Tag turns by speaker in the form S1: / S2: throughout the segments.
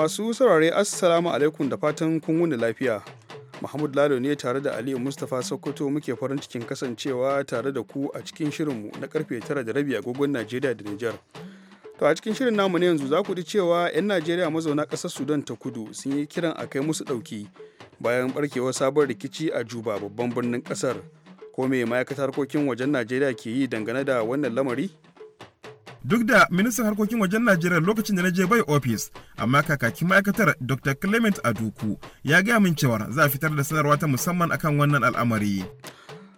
S1: Masu saurare Assalamu alaikum da fatan kun wuni lafiya. Mahmud Lalo ne tare da Aliyu Mustapha Sokoto muke farin cikin kasancewa tare da ku a cikin shirinmu na karfe tara da rabi agogon Najeriya da Nijar. To a cikin shirin namu ne yanzu za ku ji cewa 'yan Najeriya mazauna ƙasar Sudan ta kudu sun yi kiran a kai musu ɗauki bayan barkewar sabon rikici a Juba babban birnin ƙasar. Ko me ma'aikatar harkokin wajen Najeriya ke yi dangane da wannan lamari?
S2: duk da ministan harkokin wajen najeriya lokacin da na je bai ofis amma kakakin ma'aikatar dr clement aduku ya gaya min cewa za a fitar da sanarwa ta musamman akan wannan al'amari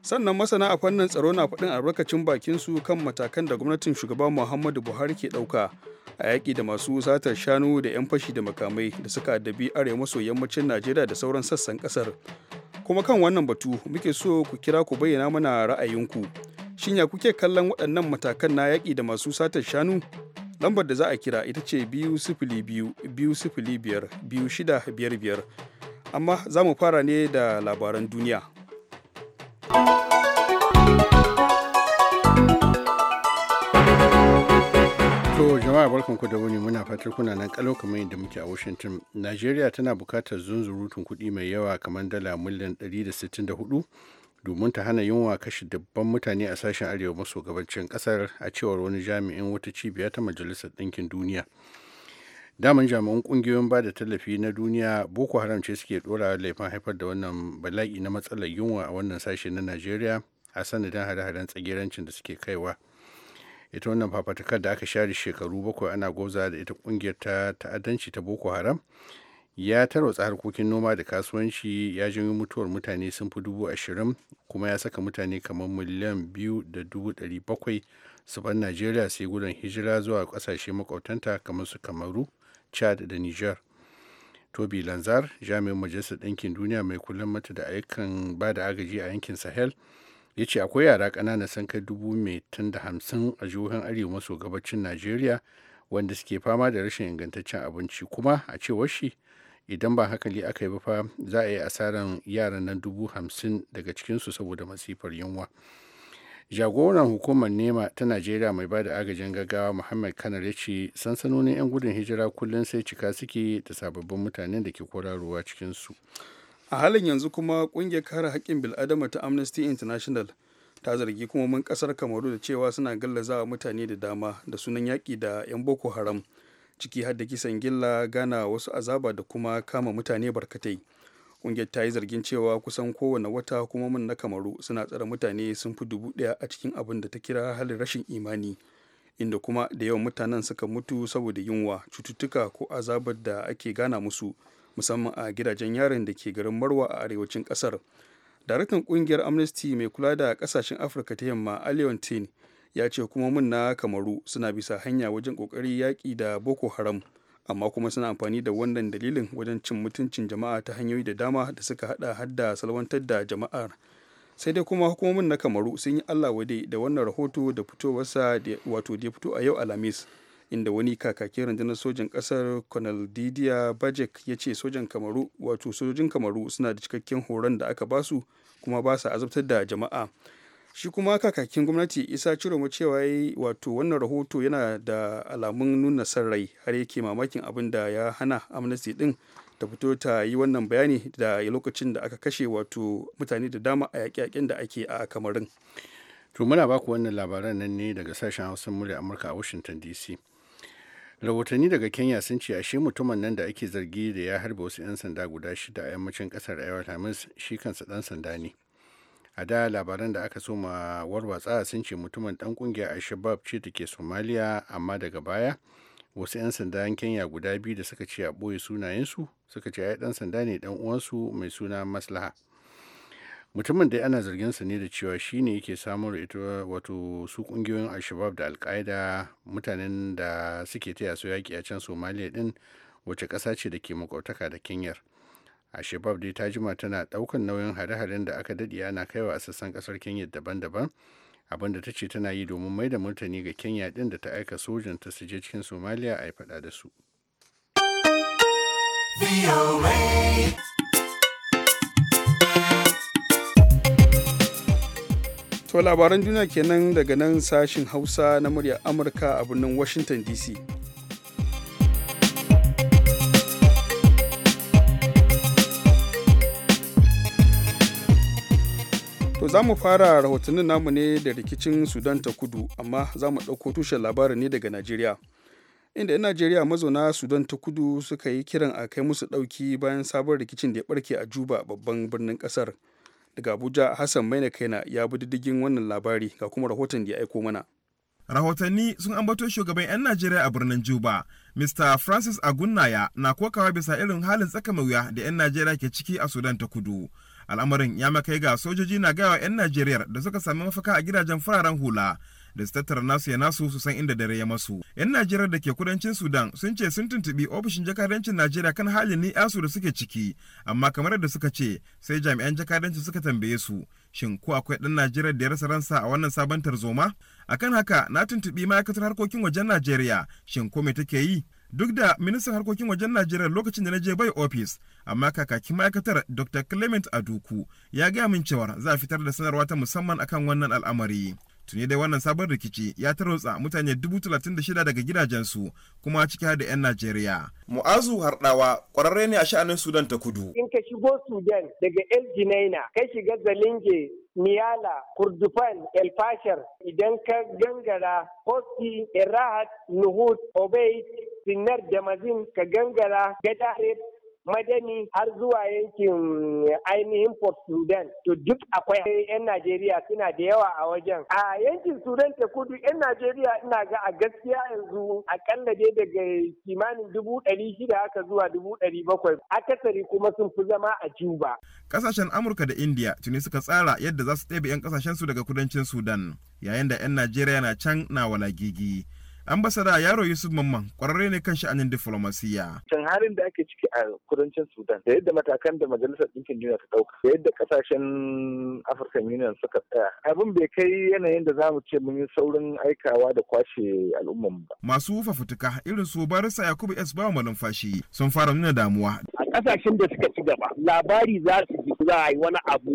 S1: sannan masana a fannin tsaro na faɗin albarkacin bakin su kan matakan da gwamnatin shugaba muhammadu buhari ke ɗauka a yaƙi da masu satar shanu da 'yan fashi da makamai da suka addabi arewa maso yammacin najeriya da sauran sassan ƙasar kuma kan wannan batu muke so ku kira ku bayyana mana ra'ayinku shinya kuke kallon waɗannan matakan na yaƙi da masu satar shanu? Lambar da za a kira ita ce biyu sifili biyu biyu sifili biyar biyu biyar Amma za mu fara ne da labaran duniya.
S3: To jama'a barkanku da wuni muna fatar kuna nan kalau kamar yadda muke a Washington. nigeria tana bukatar zunzurutun kuɗi mai yawa kamar dala miliyan 164 domin ta hana yunwa kashe dubban mutane a sashen arewa maso gabancin kasar a cewar wani jami'in wata cibiya ta majalisar ɗinkin duniya daman jami'an kungiyoyin ba da tallafi na duniya boko haram ce suke dora laifin haifar da wannan bala'i na matsalar yunwa a wannan sashe na najeriya a sanadin hare-haren tsagirancin da suke kaiwa ita wannan fafatakar da aka share shekaru bakwai ana gwauza da ita kungiyar ta ta'addanci ta boko haram ya tarwatsa harkokin noma da kasuwanci ya janyo mutuwar mutane sun fi dubu ashirin kuma ya saka mutane kamar miliyan biyu da dubu ɗari bakwai su bar najeriya sai gudun hijira zuwa ƙasashe makwabtanta kamar su kamaru chad da niger tobi lanzar jami'in majalisar ɗinkin duniya mai kullum mata da ayyukan ba da agaji a yankin sahel ya ce akwai yara ƙanana sun kai dubu mai tun da hamsin a jihohin arewa maso gabacin najeriya wanda suke fama da rashin ingantaccen abinci kuma a cewar shi idan ba hakali aka yi ba fa za a yi asaran yaran nan dubu hamsin daga cikinsu saboda masifar yunwa jagoran hukumar nema ta najeriya mai ba da agajin gaggawa muhammad kanar ya ce sansanonin 'yan gudun hijira kullum sai cika suke da sababbin
S1: mutanen da ke kwararowa cikinsu a halin yanzu kuma kungiyar kare haƙƙin bil'adama ta amnesty international ta zargi kuma mun ƙasar kamaru da cewa suna gallazawa mutane da dama da sunan yaƙi da 'yan boko haram ciki har da kisan gilla gana wasu azaba da kuma kama mutane barkatai ƙungiyar ta yi zargin cewa kusan kowane wata kuma mun na kamaru suna tsare mutane sun fi dubu ɗaya a cikin abin da ta kira halin rashin imani inda kuma da yawan mutanen suka mutu saboda yunwa cututtuka ko azabar da ake gana musu musamman a gidajen yarin da ke garin marwa a arewacin ƙasar daraktan ƙungiyar amnesty mai kula da ƙasashen afirka ta yamma tini ya ce hukumomin na kamaru suna bisa hanya wajen kokari yaƙi da boko haram amma kuma suna amfani da wannan dalilin wajen cin mutuncin jama'a ta hanyoyi da dama da suka hada hadda salwantar da jama'ar sai dai kuma hukumomin na kamaru sun yi allah wade da wannan rahoto da fitowarsa wato da ya fito a yau alhamis inda wani kakakin rundunar sojan kasar colonel didier bajek ya ce sojan kamaru wato sojojin kamaru suna da cikakken horon da aka basu kuma ba sa azabtar da jama'a shi kuma kakakin gwamnati isa ciromu cewa wato wannan rahoto yana da alamun nuna san rai har yake mamakin abin da ya hana amnesty din ta fito ta yi wannan bayani da lokacin da aka kashe wato mutane da dama a yaƙe-yaƙen da ake a kamarin to muna baku wannan labaran nan ne daga sashen hausa murya
S3: amurka a washington dc rahotanni daga kenya sun ce ashe mutumin nan da ake zargi da ya harba wasu 'yan sanda guda shida a yammacin kasar hamis shi kansa dan sanda ne a da labaran da aka so ma warwatsa sun ce mutumin dan kungiyar al-shabab ce take somaliya amma daga baya wasu 'yan sandan kenya guda biyu da suka ce a boye sunayensu suka ce ya dan sanda ne dan uwansu mai suna maslaha mutumin da ana zargin sa ne da cewa shi ne yake samun ita wato su kungiyoyin al-shabab da alkaida mutanen da suke taya su yaki a can somaliya din wace ƙasa ce da ke makwataka da kenyar a shebab dai ta jima tana ɗaukan nauyin hare-haren da aka daɗe ana kaiwa a sassan ƙasar kenya daban-daban abinda ta ce tana yi domin mai da martani ga kenya ɗin da ta aika sojan ta su je cikin somaliya a yi faɗa da su
S1: To labaran duniya kenan daga nan sashin Hausa na murya Amurka a birnin Washington DC. To za mu fara rahotannin namu ne da rikicin Sudan ta kudu, amma za mu ɗauko tushen labarin ne daga Najeriya. Inda 'yan Najeriya mazauna Sudan ta kudu suka yi kiran a kai musu ɗauki bayan sabon rikicin da ya ɓarke a Juba babban birnin ƙasar. Daga Abuja, Hassan Maina Kaina ya bi diddigin wannan labari ga kuma rahoton da ya aiko mana.
S2: rahotanni sun ambato shugaban 'yan najeriya a birnin juba mr francis agunnaya na kokawa bisa irin halin tsaka mai wuya da 'yan najeriya ke ciki a sudan ta kudu al'amarin ya makai ga sojoji na gaya 'yan najeriya da suka sami mafaka a gidajen fararen hula da su tattara nasu ya nasu su san inda dare ya masu. 'Yan Najeriya da ke kudancin Sudan sun ce sun tuntubi ofishin jakadancin Najeriya kan halin ni yasu da suke ciki, amma kamar da suka ce sai jami'an jakadanci suka tambaye su. Shin ko akwai ɗan Najeriya da ya rasa ransa a wannan sabon tarzoma? Akan haka na tuntuɓi ma'aikatar harkokin wajen Najeriya, shin ko me take yi? duk da ministan harkokin wajen najeriya lokacin da na je bai ofis amma kakakin ma'aikatar dr clement aduku ya gaya min cewar za a fitar da sanarwa ta musamman akan wannan al'amari tuni dai wannan sabon rikici ya tarotsa mutane dubu talatin da shida daga gidajensu kuma ciki da 'yan najeriya mu'azu hardawa kwararre ne a sha'anin sudan ta kudu
S4: in ka shigo sudan daga el jinaina ka shiga zalinge Niyala, Kurdufan, El Fashar, idan ka gangara, Hoski, Erahat, Nuhut, Obeid, sinar da mazin ka gangara gadare madani har zuwa yankin eh, ainihin port sudan to duk akwai 'yan najeriya suna da yawa a wajen a yankin sudan ta kudu 'yan najeriya ina ga a gaskiya yanzu akalla dai daga kimanin dubu ɗari shida haka zuwa dubu ɗari
S2: bakwai akasari kuma sun fi zama a juba kasashen amurka da india tuni suka tsara yadda za su ɗebe 'yan kasashen su daga kudancin sudan yayin da 'yan najeriya na can na gigi ambasada yaro yusuf mamman kwararre ne kan sha'anin diflomasiyya.
S5: can halin da ake ciki a kudancin sudan da yadda matakan da majalisar ɗinkin duniya ta ɗauka da yadda ƙasashen african union suka tsaya abin bai kai yanayin da zamu ce mun yi saurin aikawa da kwashe al'umman ba.
S2: masu fafutuka irin su barisa yakubu s bawa malumfashi sun fara nuna damuwa.
S4: a ƙasashen da suka ci gaba labari za su ji za a yi wani abu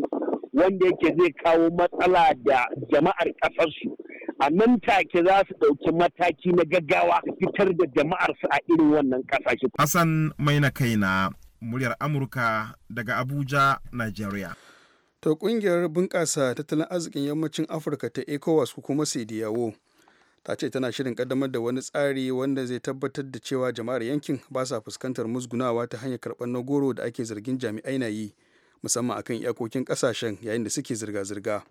S4: wanda yake zai kawo matsala da jama'ar ƙasarsu. a nan take za su ɗauki mataki na gaggawa fitar da jama'arsu a irin wannan kasashe.
S2: Hassan mai na kaina muryar Amurka daga Abuja, Nigeria.
S1: To ƙungiyar bunƙasa tattalin arzikin yammacin Afirka ta ECOWAS kuma sidiyawo ta ce tana shirin kaddamar da wani tsari wanda zai tabbatar da cewa jama'ar yankin ba sa fuskantar musgunawa ta hanyar karɓar na goro da ake zargin jami'ai na yi musamman akan iyakokin ƙasashen yayin da suke zirga-zirga.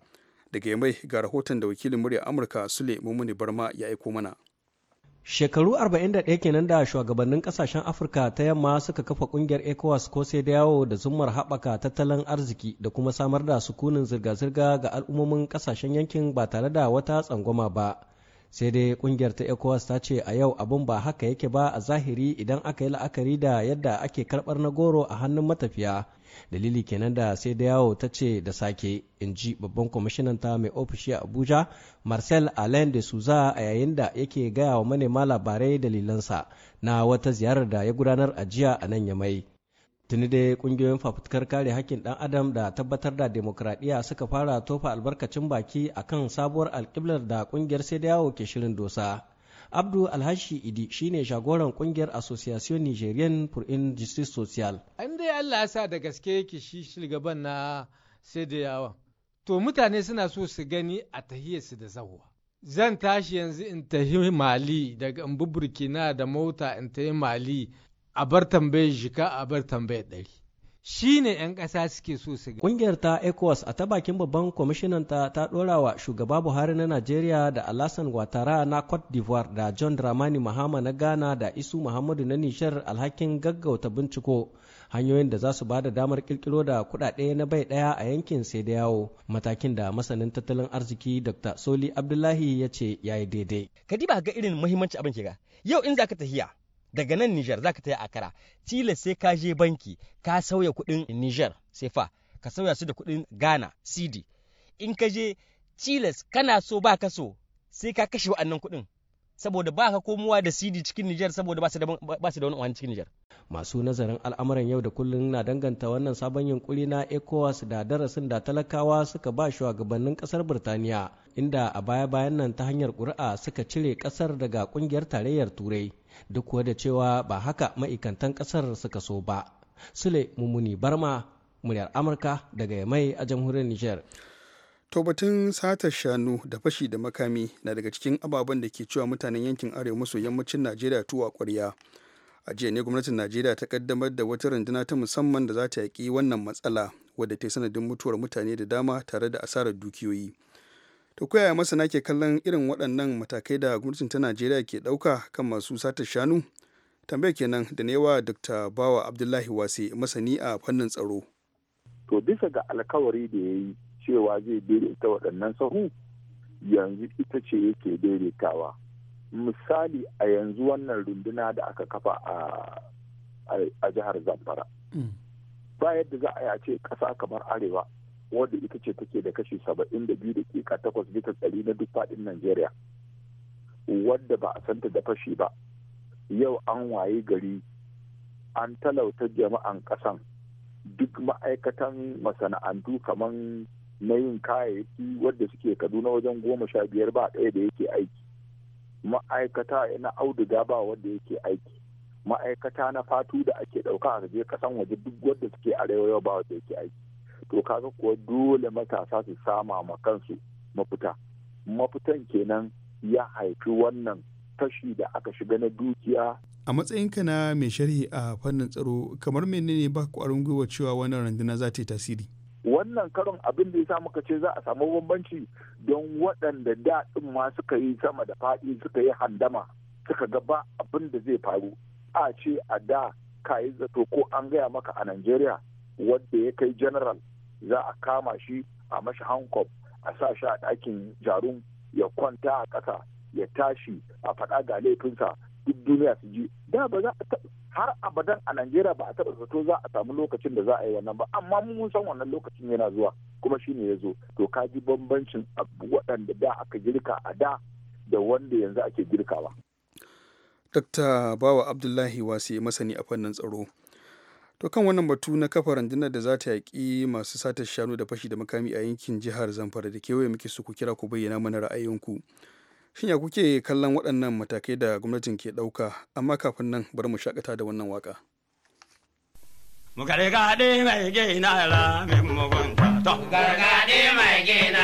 S1: daga yamai ga rahoton da wakilin murya amurka sule mummuni barma ya aiko mana
S6: shekaru 41 kenan da shugabannin kasashen afirka ta yamma suka kafa kungiyar ecowas ko sai da yawo da zummar haɓaka tattalin arziki da kuma samar da sukunin zirga-zirga ga al'ummomin kasashen yankin ba tare da wata tsangwama ba sai dai kungiyar ta ecowas ta ce a yau abin ba haka yake ba a zahiri idan aka yi la'akari da yadda ake karɓar na goro a hannun matafiya dalili kenan da sai da yawo ta ce da sake in ji babban kwamishinan ta mai ofishi a abuja marcel alain de souza a yayin da yake gaya wa manema labarai dalilansa na wata ziyarar da ya gudanar a jiya a nan yamai tuni dai kungiyoyin fafutukar kare hakkin dan adam da tabbatar da demokradiyya suka fara tofa albarkacin baki akan sabuwar alkiblar da kungiyar sai da yawo ke shirin dosa abdu alhashi idi shine shagoran kungiyar association nigerian for injustice social an dai allah sa da gaske yake shi shugaban na sai da yawa to mutane suna so su gani a tahiyarsu da zahuwa zan tashi yanzu in tahi mali daga in burkina da mota in tahi mali a bar tambayar jika a bar tambayar ɗari shi ne 'yan kasa suke so su ga. Ƙungiyar ta ECOWAS a ta bakin babban kwamishinanta ta ɗora wa shugaba Buhari na Najeriya da Alassane Ouattara na Cote d'Ivoire da John Dramani Mahama na Ghana da Isu Muhammadu na Nishar alhakin gaggauta binciko hanyoyin da za su da damar kirkiro da kuɗaɗe na bai ɗaya a yankin sai da yawo matakin da masanin tattalin arziki Dr. Soli Abdullahi ya ce ya yi daidai. Kadiba ga irin muhimmanci abin kiga yau in za ka tafiya daga nan Nijar za ka ta yi Akara tila sai ka je banki ka sauya kuɗin Nijar sai fa ka sauya su da kuɗin Ghana CD in ka je tilas kana so ba ka so sai ka kashe wa'annan kuɗin saboda ba ka komowa da sidi cikin Nijar saboda ba su da wani cikin Nijar. Masu nazarin al'amuran yau da kullum na danganta wannan sabon yunkuri na ECOWAS da darasin da talakawa suka ba shugabannin kasar Birtaniya inda a baya-bayan nan ta hanyar ƙuri'a suka cire kasar daga kungiyar tarayyar Turai duk kuwa da cewa ba haka ma'aikantan kasar suka so ba. Sule Mumuni Barma, muryar Amurka daga Yamai a jamhuriyar Nijar.
S1: To batun satar shanu da fashi da makami na daga cikin ababen da ke cewa mutanen yankin arewa maso yammacin Najeriya tuwa kwarya A jiya ne gwamnatin Najeriya ta kaddamar da wata runduna ta musamman da za ta yaƙi wannan matsala wadda ta sanadin mutuwar mutane da dama tare da asarar dukiyoyi. To koyaya masana ke kallon irin waɗannan matakai da gwamnatin ta Najeriya ke ɗauka kan masu satar shanu? Tambayar kenan da newa Dr. Bawa Abdullahi Wase masani a fannin tsaro. To bisa ga alkawari da ya yi cewa zai daidaita waɗannan sahu yanzu ita ce yake daidaitawa
S5: misali a yanzu wannan runduna da aka kafa a jihar zamfara mm. ba yadda za a yi a ce ƙasa kamar arewa wadda ita ce take da kashi saba'in da biyu da kika takwas bisa ɗari na duk faɗin najeriya wadda ba a santa da fashi ba yau an waye gari an talauta jama'an ƙasan duk ma'aikatan masana'antu kamar na yin kayayyaki wadda suke kaduna wajen goma sha biyar ba ɗaya da yake aiki ma'aikata na auduga ba wadda yake aiki ma'aikata na fatu da ake ɗauka a je kasan waje duk wadda suke arewa ba wadda yake aiki to kaga kuwa dole matasa su sama ma kansu mafita mafitan kenan ya haifi wannan tashi da aka shiga na dukiya
S1: a matsayinka na mai sharhi a fannin tsaro kamar menene ba kwarin gwiwa cewa wannan randuna za ta yi tasiri
S5: wannan karon abin da ya sa muka ce za a samu bambanci don waɗanda daɗin ma suka yi sama da faɗi suka yi handama suka ga ba abin da zai faru a ce a da ka yi zato ko an gaya maka a Najeriya wadda ya kai general za a kama shi a mashi hankob a sa shi a ɗakin jarum ya kwanta a ƙasa ya tashi a faɗa ga laifinsa duk duniya su ji da ba za a har abadan a Najeriya ba a taɓa zato za a samu lokacin da za a yi wannan ba amma mun san wannan lokacin yana zuwa kuma shine ya zo to ka ji bambancin waɗanda da aka girka a da da wanda yanzu ake girkawa.
S1: Dr. Bawa Abdullahi Wasi masani a fannin tsaro. To kan wannan batu na kafa rundunar da za ta yaƙi masu sata shanu da fashi da makami a yankin jihar Zamfara da kewaye muke su ku kira ku bayyana mana ra'ayinku. Shin ya kuke kallon waɗannan matakai da gwamnatin ke ɗauka, amma kafin nan bari mu shakata da wannan waka.
S7: Gargaɗe mai gina mai gina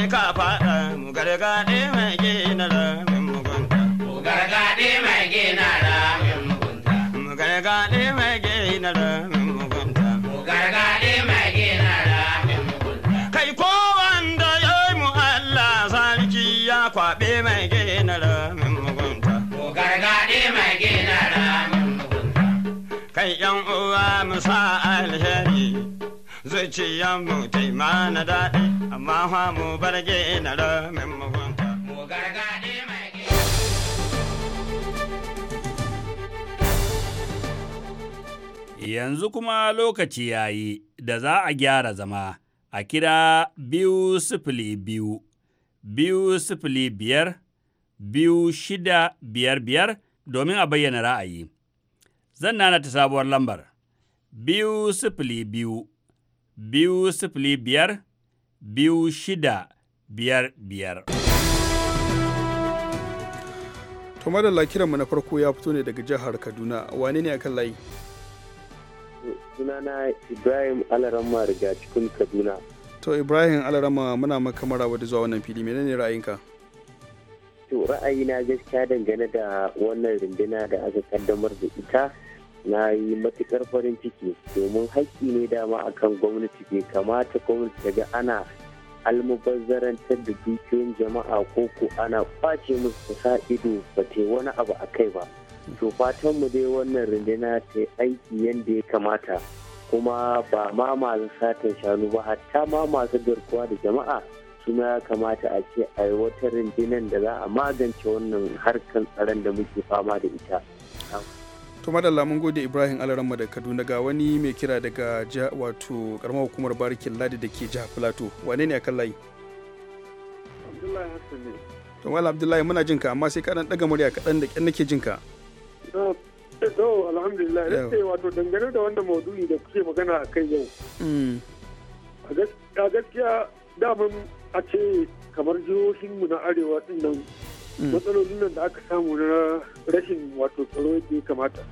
S7: mai ka faɗa mu gargaɗe mai Mu Kai ko wanda ya mu Allah sarki ya kwaɓe mai gina ramin zuciyan mu na daɗi amma fa mu barge na ramin Mu gargaɗe mai
S1: Yanzu kuma lokaci ya yi da za a gyara zama a kira biyu sifili biyu, biyu sifili biyar, biyu shida biyar biyar domin a bayyana ra'ayi. Zan nana ta sabuwar lambar, biyu sifili biyu, biyu sifili biyar biyu shida biyar biyar. To madalla kiranmu na farko ya fito ne daga jihar Kaduna wane ne akan layi?
S8: Sunana Ibrahim Alarama daga cikin Kaduna.
S1: To Ibrahim Alarama muna makamara wadda zuwa wannan fili menene ra'ayinka?
S8: To ra'ayina gaskiya dangane da wannan rundunar da aka kaddamar da ita na yi matukar farin ciki domin haƙƙi ne dama akan gwamnati ke kamata gwamnati ta ga ana almubazzarantar da dukiyoyin jama'a ko ko ana kwace musu sa ido ba ta wani abu a kai ba to fatan mu dai wannan rundunar ta aiki yadda ya kamata kuma ba ma masu satin shanu ba hatta ma masu garkuwa da jama'a suna ya kamata a ce a yi wata rundunar da za a magance wannan harkar tsaron da muke fama da ita.
S1: to madalla mun gode ibrahim alaramma da kaduna ga wani mai kira daga ja wato karamar hukumar barikin ladi da ke jihar plateau wane ne a kan layi to wala abdullahi muna jinka amma sai ka dan daga murya kadan da kyan nake jinka
S8: to alhamdulillah wato dangane da wanda maudu'i da kuke magana a kai yau mm. a gaskiya daman a ce kamar jihohinmu na arewa din nan Mm. matsalolin nan da aka samu na rashin wato tsaro yadda ya kamata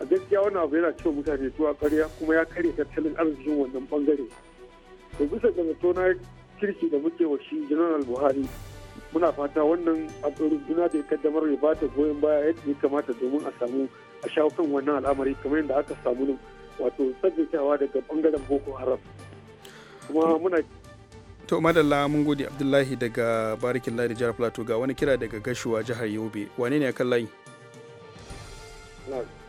S8: a gaskiya wani abu yana cewa mutane tuwa karya kuma ya karya tattalin arzikin wannan bangare da bisa ga zato na kirki da muke wa shi general buhari muna fata wannan runduna da ya kaddamar ya bata goyon baya yadda ya kamata domin a samu a shawo kan wannan al'amari kamar yadda aka samu wato tsaddakawa daga bangaren boko haram kuma muna
S1: to madalla mun gode abdullahi daga barikin layi da jihar plateau ga wani kira daga gashuwa jihar yobe wane ne a kan layi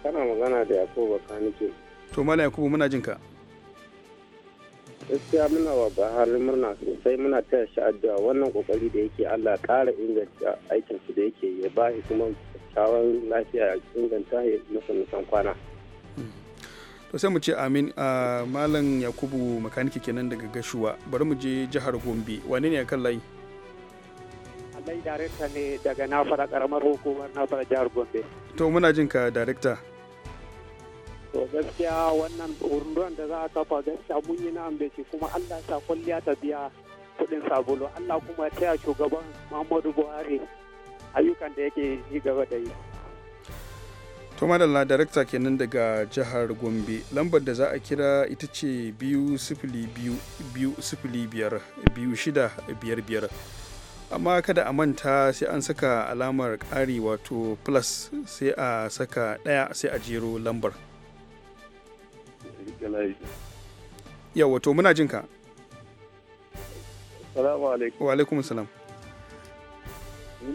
S8: kana magana da yakubu bakanike
S1: to mala yakubu muna jin ka
S8: gaskiya muna wa halin murna sosai muna taya shi addu'a wannan kokari da yake Allah ƙara inganta aikin su da yake ya ba shi kuma kyakkyawan lafiya inganta ya nufin nisan kwana hmm.
S1: to sai mu ce amin a malam yakubu makaniki kenan daga gashuwa bari mu je jihar gombe wani ne a kan layi
S8: alai darekta ne daga nafara karamar hukumar nafara jihar gombe
S1: to muna jin ka darekta
S8: to gaskiya wannan rundunar da za a kafa gaskiya mun yi na'am da shi kuma allah sa kwalliya ta biya kudin sabulu allah kuma ya taya shugaban muhammadu buhari ayyukan da yake yi gaba da yi
S1: to madalla darakta kenan daga jihar gombe lambar da za a kira ita ce biyu sifili biyu biyu sifili biyar biyu shida biyar biyar amma kada a manta sai an saka alamar ƙari wato plus sai a saka ɗaya sai a jero lambar yawa wato muna jinka
S8: salamu alaikum wa alaikum salam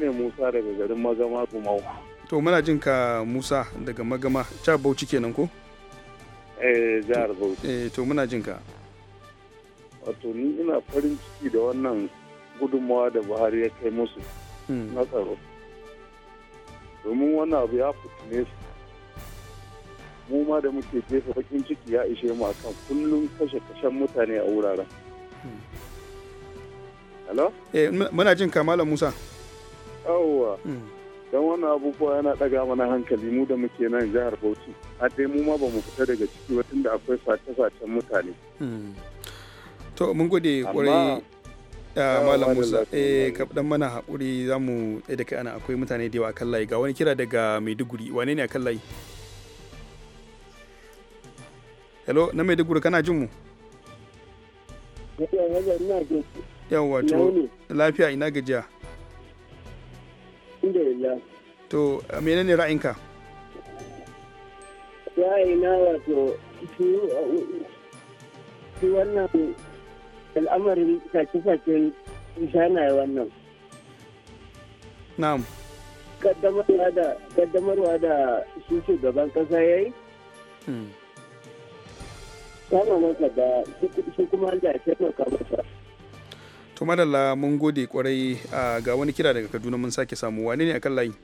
S8: ne musa daga garin magama gumawa
S1: to muna jin ka musa daga magama jihar bauchi kenan ko
S8: eh jihar bauchi eh
S1: to muna jin ka
S8: wato ni ina farin ciki da wannan gudunmawa da buhari ya kai musu hmm. na tsaro domin wannan abu ya ne su mu ma da muke jefa bakin ciki ya ishe mu akan kullum kashe kashen mutane a wuraren hmm. hello
S1: eh muna jin ka malam musa yawwa hmm.
S8: don wannan abubuwa yana daga mana hankali mu da muke nan jihar bauchi a dai mu ma ba mu fita daga ciki tun da akwai sace-sacen mutane
S1: hmm. to mun gode kwarai malam musa eh dan mana haƙuri za mu tsaye da kai ana akwai mutane da yawa kan layi ga wani kira daga maiduguri wane ne kan layi hello na maiduguri kana jin mu yawwa to lafiya ina gajiya alhamdulillah to menene ra'inka?
S4: Ra'ina wato shi wannan al'amarin sace-sacen shanaye wannan na'am kaddamarwa da kaddamarwa da shi shugaban kasa ya yi hmm. kama masa da shi kuma da ya taimaka masa
S1: to madalla mun gode kwarai ga wani kira daga kaduna mun sake samu wane ne a kan layi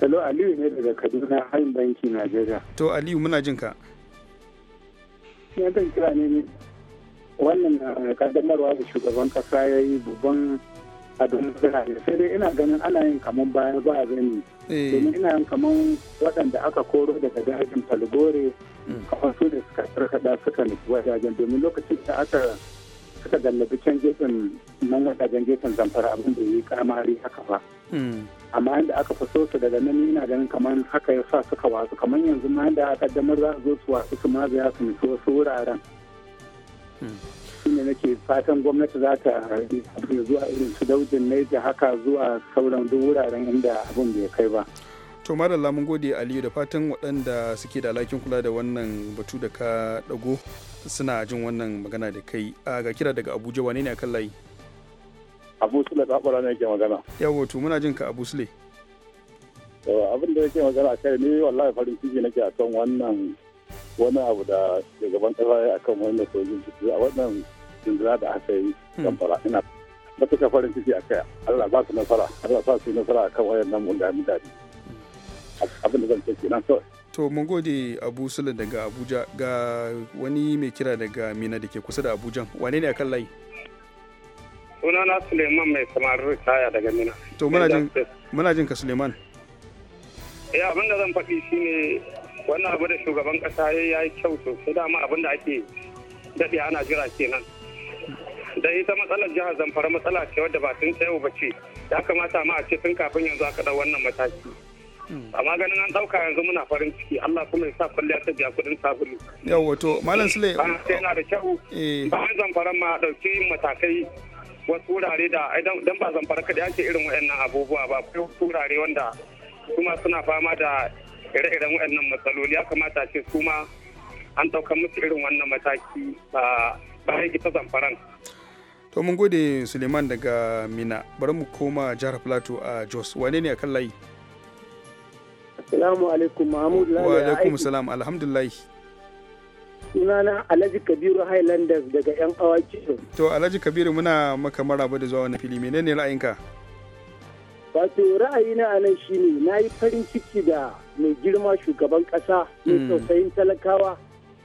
S8: hello aliyu ne daga kaduna hain banki najeriya
S1: to aliyu muna jin ka
S8: ya kira ne wannan kaddamarwa da shugaban kasa ya yi babban abin birane sai dai ina ganin ana yin kamar baya ba gani eh. domin ina yin kamar waɗanda aka koro daga dajin falgore mm. a su da suka karkada suka nufi wajajen domin lokacin da aka suka gallabi can gefen nan wajajen gefen zamfara abin da yi karamari haka ba hmm. amma yadda aka fito su daga nan yana ganin kamar haka ya sa suka wasu kamar yanzu ma da kaddamar za su zo su wasu su ma za su nufi wasu wuraren hmm. shine nake fatan gwamnati za ta zuwa irin su daudin neja haka zuwa sauran duk wuraren inda abin bai kai ba
S1: to madalla mun gode aliyu da fatan waɗanda suke da alakin kula da wannan batu da ka ɗago suna jin wannan magana da kai a ga kira daga abuja wane ne akan layi abu sule tsabara ne ke magana yawo to muna jin ka abu sule abin
S8: da yake magana kai ne wallahi farin ciki nake a kan wannan wani abu da shugaban kasa ya akan wannan sojin ciki a wannan jindira da aka yi kamfara hmm. ina matuka farin ciki a kai allah ba su nasara allah ba su nasara akan wayannan mun da mutane abin da zan ce kenan kawai
S1: to mun gode abu sula daga abuja ga wani mai kira daga mina da ke kusa da abuja wane ne a kan layi
S8: sunana suleiman mai samarin ritaya daga mina
S1: to muna jin ka suleiman
S8: ya eh, abin da zan faɗi ne wannan abu da shugaban ƙasa ya yi kyau sosai dama abin da ake daɗe ana jira kenan da ita matsalar jihar zamfara matsala ce wadda ba tun ta yau ba ce ya kamata ma a ce tun kafin yanzu aka ɗau wannan mataki amma ganin an dauka yanzu muna farin ciki Allah kuma ya sa kwalliya ta biya kudin sabulu
S1: yawa to malam sule yana
S8: da kyau eh. bayan zamfara ma dauke matakai wasu wurare da idan ba zamfara kada yake irin waɗannan abubuwa ba akwai wurare wanda kuma suna fama da ire-iren waɗannan matsaloli ya kamata ce su an ɗauka musu irin wannan mataki bayan ita zamfaran
S1: to mun gode suleiman daga mina bari mu koma jihar plateau a jos wane ne a kan layi
S8: Salamu alaikum Mahmud Lala.
S4: Wa alaikum
S1: salam alhamdulillah.
S4: Sunana Alhaji Kabiru Highlanders daga yan awaki.
S1: To Alhaji Kabiru muna maka maraba da zuwa wani fili menene ra'ayinka?
S4: Wato ra'ayina a nan shine na yi farin ciki da mai girma shugaban kasa mai mm. tausayin talakawa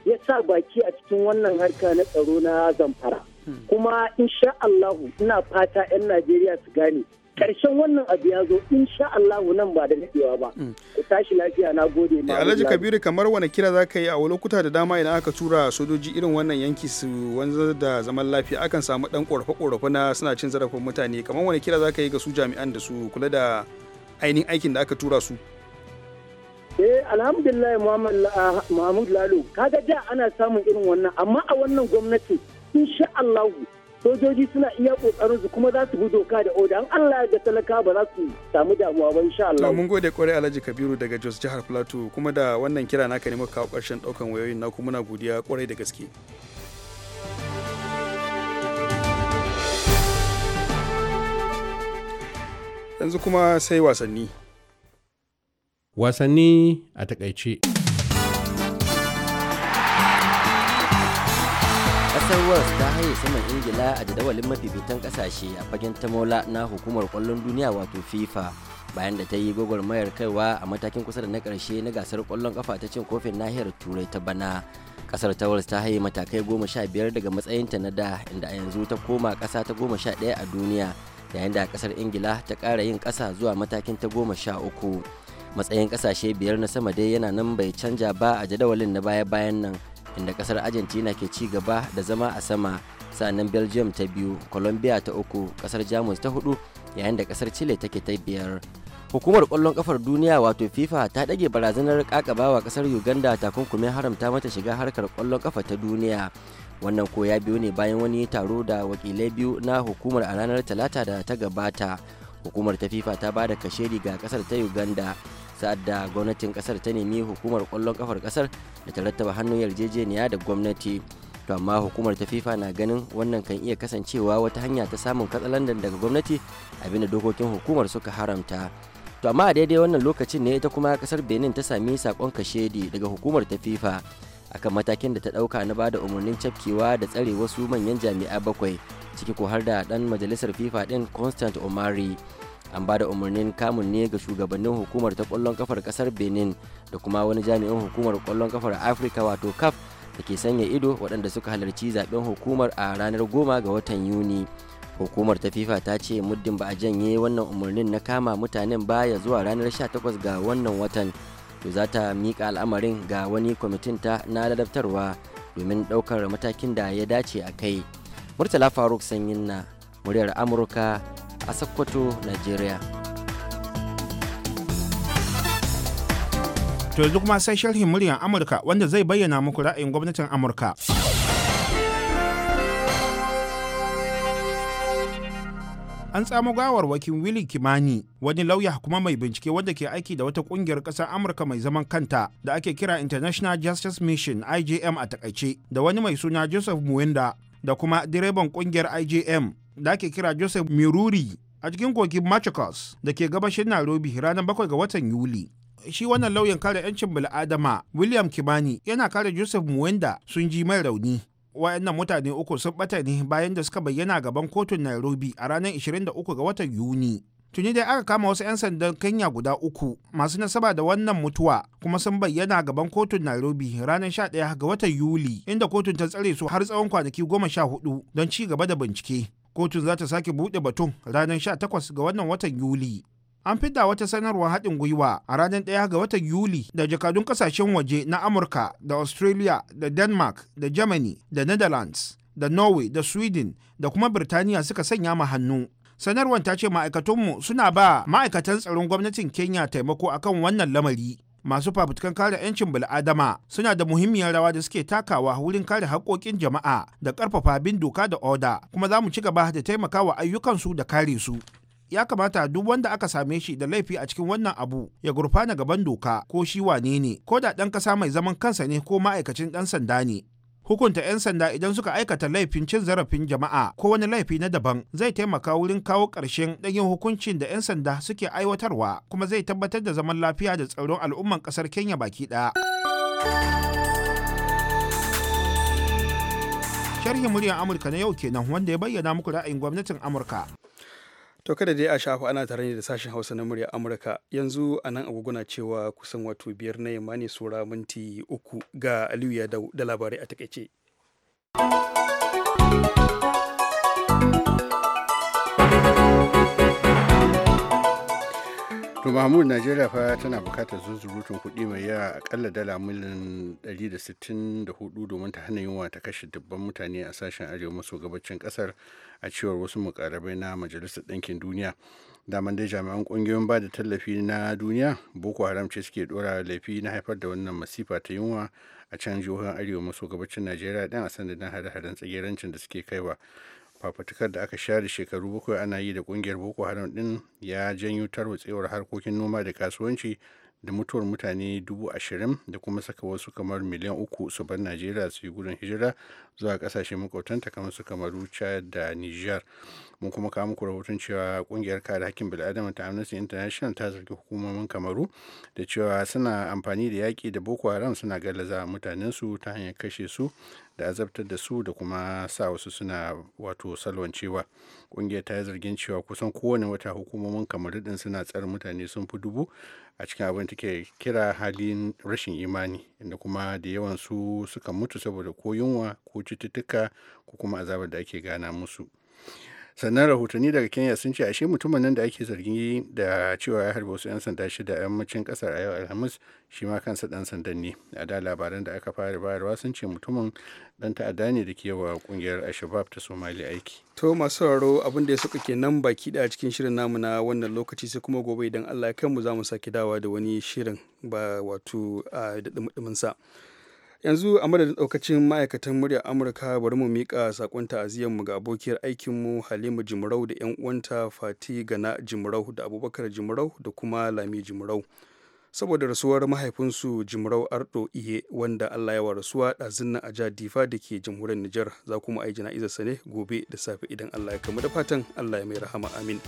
S4: ya sa baki a cikin wannan harka na tsaro na zamfara. Mm. Kuma insha Allahu ina fata 'yan Najeriya su gane karshen wannan abu ya zo insha Allahu nan ba da daɗewa ba mm. ku tashi lafiya na gode ma eh, Alhaji Kabiru
S1: kamar wani kira za ka yi a lokuta da dama idan aka tura sojoji irin wannan yanki su wanzu da zaman lafiya akan samu dan korafe-korafe na suna cin zarafin mutane kamar wani kira za ka yi ga su jami'an da su kula da ainihin aikin da aka tura su
S4: eh alhamdulillah Muhammad Lalo kaga da ana samun irin wannan amma a wannan gwamnati insha Allahu sojoji suna iya kokarin su kuma za su bi doka da oda an Allah da talaka ba za su samu damuwa ba insha Allah mun
S1: gode kwarai Alhaji Kabiru daga Jos jihar Plateau kuma da wannan kira naka ne muka kawo karshen daukan wayoyin na kuma na godiya kwarai da gaske yanzu kuma sai wasanni
S3: wasanni a takaice
S9: kasar wales ta haye saman ingila a jadawalin mafifitan kasashe a fagen tamola na hukumar kwallon duniya wato fifa bayan da ta yi mayar kaiwa a matakin kusa da na karshe na gasar kwallon kafa ta cin kofin nahiyar turai ta bana kasar ta wales ta haye matakai goma sha biyar daga matsayinta na da inda a yanzu ta koma kasa ta goma sha ɗaya a duniya yayin da kasar ingila ta kara yin kasa zuwa matakin ta goma sha uku matsayin ƙasashe biyar na sama dai yana nan bai canja ba a jadawalin na baya-bayan nan inda kasar argentina ke ci gaba da zama a sama sa'annan belgium ta biyu colombia ta uku kasar jamus ta hudu yayin da kasar chile take ta biyar hukumar kwallon kafar duniya wato fifa ta ɗage barazanar kakabawa kasar uganda takunkumin haramta mata shiga harkar kwallon kafa ta duniya wannan ko ya biyo ne bayan wani taro da wakilai biyu na hukumar a ranar talata da ta gabata hukumar ta fifa ta ba da kashe ga kasar ta uganda sa'ad da gwamnatin kasar ta nemi hukumar kwallon kafar kasar da ta rattaba hannun yarjejeniya da gwamnati to amma hukumar ta fifa na ganin wannan kan iya kasancewa wata hanya ta samun katsalandan daga gwamnati abinda dokokin hukumar suka haramta to amma a daidai wannan lokacin ne ita kuma kasar benin ta sami sakon kashedi daga hukumar ta fifa akan matakin da ta dauka na bada umarnin cafkewa da tsare wasu manyan jami'a bakwai ciki ko har da dan majalisar fifa din constant omari an ba da umarnin kamun ne ga shugabannin hukumar ta kwallon kafar kasar benin da kuma wani jami'in hukumar kwallon kafar afirka wato caf da ke sanya ido waɗanda suka halarci zaɓen hukumar a ranar goma ga watan yuni hukumar ta fifa ta ce muddin ba a janye wannan umarnin na kama mutanen baya zuwa ranar sha 18 ga wannan watan to za ta miƙa al'amarin ga wani kwamitin ta na ladabtarwa domin ɗaukar matakin da ya dace a kai murtala faruk sanyin na muryar amurka a Sokoto, Nigeria. To yanzu kuma sai sharhin muryar Amurka wanda
S10: zai bayyana muku ra'ayin gwamnatin Amurka. An tsamo gawarwakin Willy Kimani, wani lauya kuma mai bincike wanda ke aiki da wata kungiyar ƙasar Amurka mai zaman kanta da ake kira International Justice Mission IJM a takaice, da wani mai suna Joseph mwenda da kuma direban kungiyar IJM da ake kira Joseph Miruri a cikin kogin Machakos da ke gabashin Nairobi ranar bakwai ga watan Yuli. Shi wannan lauyan kare 'yancin bil'adama William Kimani yana kare Joseph Muwenda sun ji mai rauni. wayannan mutane uku sun bata ne bayan da suka bayyana gaban kotun Nairobi a ranar 23 ga watan Yuni. Tuni dai aka kama wasu 'yan sandan Kenya guda uku masu nasaba da wannan mutuwa kuma sun bayyana gaban kotun Nairobi ranar 11 ga watan Yuli inda kotun ta tsare su har tsawon kwanaki 14 don ci gaba da bincike. kotun za ta sake buɗe batun ranar 18 ga wannan watan yuli an fidda wata sanarwar haɗin gwiwa a ranar 1 ga watan yuli da jakadun kasashen waje na amurka da australia da denmark da germany da netherlands da norway da sweden da kuma birtaniya suka sanya ma hannu sanarwar ta ce ma'aikatunmu suna ba ma'aikatan tsaron gwamnatin kenya taimako akan wannan lamari masu fafutukan kare 'yancin bil'adama suna da muhimmiyar rawa da suke takawa wurin kare haƙoƙin jama'a da ƙarfafa bin doka da oda kuma za mu ci gaba da taimakawa ayyukansu da kare su ya kamata duk wanda aka same shi da laifi a cikin wannan abu ya gurfana gaban doka ko shi wane ne ko da ɗan ƙasa mai zaman kansa ne ko ma'aikacin ɗan sanda ne hukunta 'yan sanda idan suka aikata laifin cin zarafin jama'a ko wani laifi na daban zai taimaka wurin kawo ƙarshen ɗanyen hukuncin da 'yan sanda suke aiwatarwa kuma zai tabbatar da zaman lafiya da tsaron al'umman ƙasar kenya baki ɗaya. sharhin muryar amurka na yau kenan wanda ya bayyana muku ra'ayin gwamnatin amurka
S1: To kada dai a shafa ana tare da sashen Hausa na murya Amurka yanzu a nan agogona cewa kusan wato biyar na yamma ne sura minti uku ga Aliyu ya da labarai a takaice.
S3: to mahmud najeriya fa tana bukatar zuzurutun kuɗi mai yawa akalla dala miliyan 164 domin ta hana yunwa ta kashe dubban mutane a sashen arewa maso gabacin kasar a cewar wasu mukarabai na majalisar ɗinkin duniya daman dai jami'an ƙungiyoyin ba da tallafi na duniya boko haram ce suke ɗora laifi na haifar da wannan masifa ta yunwa a can jihohin arewa maso gabacin najeriya ɗin a sanadin hare-haren tsagerancin da suke kaiwa fafutukar da aka share shekaru bakwai ana yi da kungiyar boko haram din ya janyo tarwatsewar harkokin noma da kasuwanci da mutuwar mutane dubu ashirin da kuma saka wasu kamar miliyan uku su bar najeriya su yi gudun hijira zuwa kasashe makwabtanta kamar su kamaru chad da niger mun kuma kawo muku rahoton cewa kungiyar kare hakkin bil'adama ta amnesty international ta zargi hukumomin kamaru da cewa suna amfani da yaƙi da boko haram suna gallaza su ta hanyar kashe su da azabtar da su da kuma sa wasu suna wato cewa ƙungiyar ta yi zargin cewa kusan kowane wata hukumomin kamar din suna tsarin mutane sun fi dubu a cikin abin take kira halin rashin imani inda kuma da yawan su suka mutu saboda ko yunwa ko cututtuka ko kuma azabar da ake gana musu sannan rahotanni daga kenya sun ce a ashe mutumin nan da ake zargi da cewa ya harba wasu 'yan sanda shida a yammacin kasar a yau alhamis shi ma kansa dan sandan ne a da labaran da aka fara bayarwa sun ce mutumin dan ta'adda ne da ke wa kungiyar ashabab ta somali aiki
S1: to masu sauraro abin da ya suka nan baki da cikin shirin namu na wannan lokaci sai kuma gobe idan allah ya kanmu za mu sake dawa da wani shirin ba wato a daɗin sa. yanzu a madadin daukacin ma'aikatan muryar amurka bari mu miƙa sakon mu ga abokiyar aikinmu halima jimrau da 'yan uwanta fati gana jimarau da abubakar jimrau da kuma lami jimrau saboda rasuwar mahaifinsu jimrau ardo iye wanda allah yawa rasuwa ɗazin a aja difa da ke jamhuriyar nijar za kuma a yi sa ne gobe da safe idan allah ya kamu da fatan allah ya mai rahama amin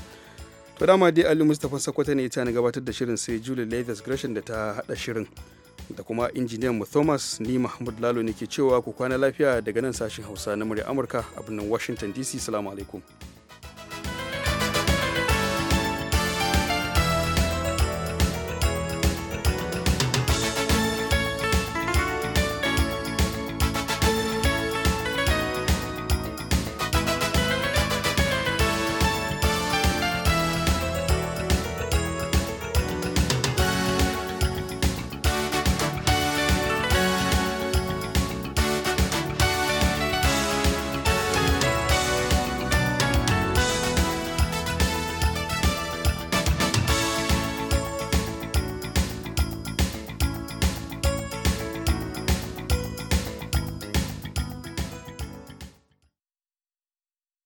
S1: to dama dai ali mustapha sakwata ne ta gabatar da shirin sai julie leathers gresham da ta haɗa shirin da kuma injiniyan mu thomas ni mahmud lalo ne ke cewa ku kwana lafiya daga nan sashen hausa na murya amurka a birnin washington dc salamu alaikum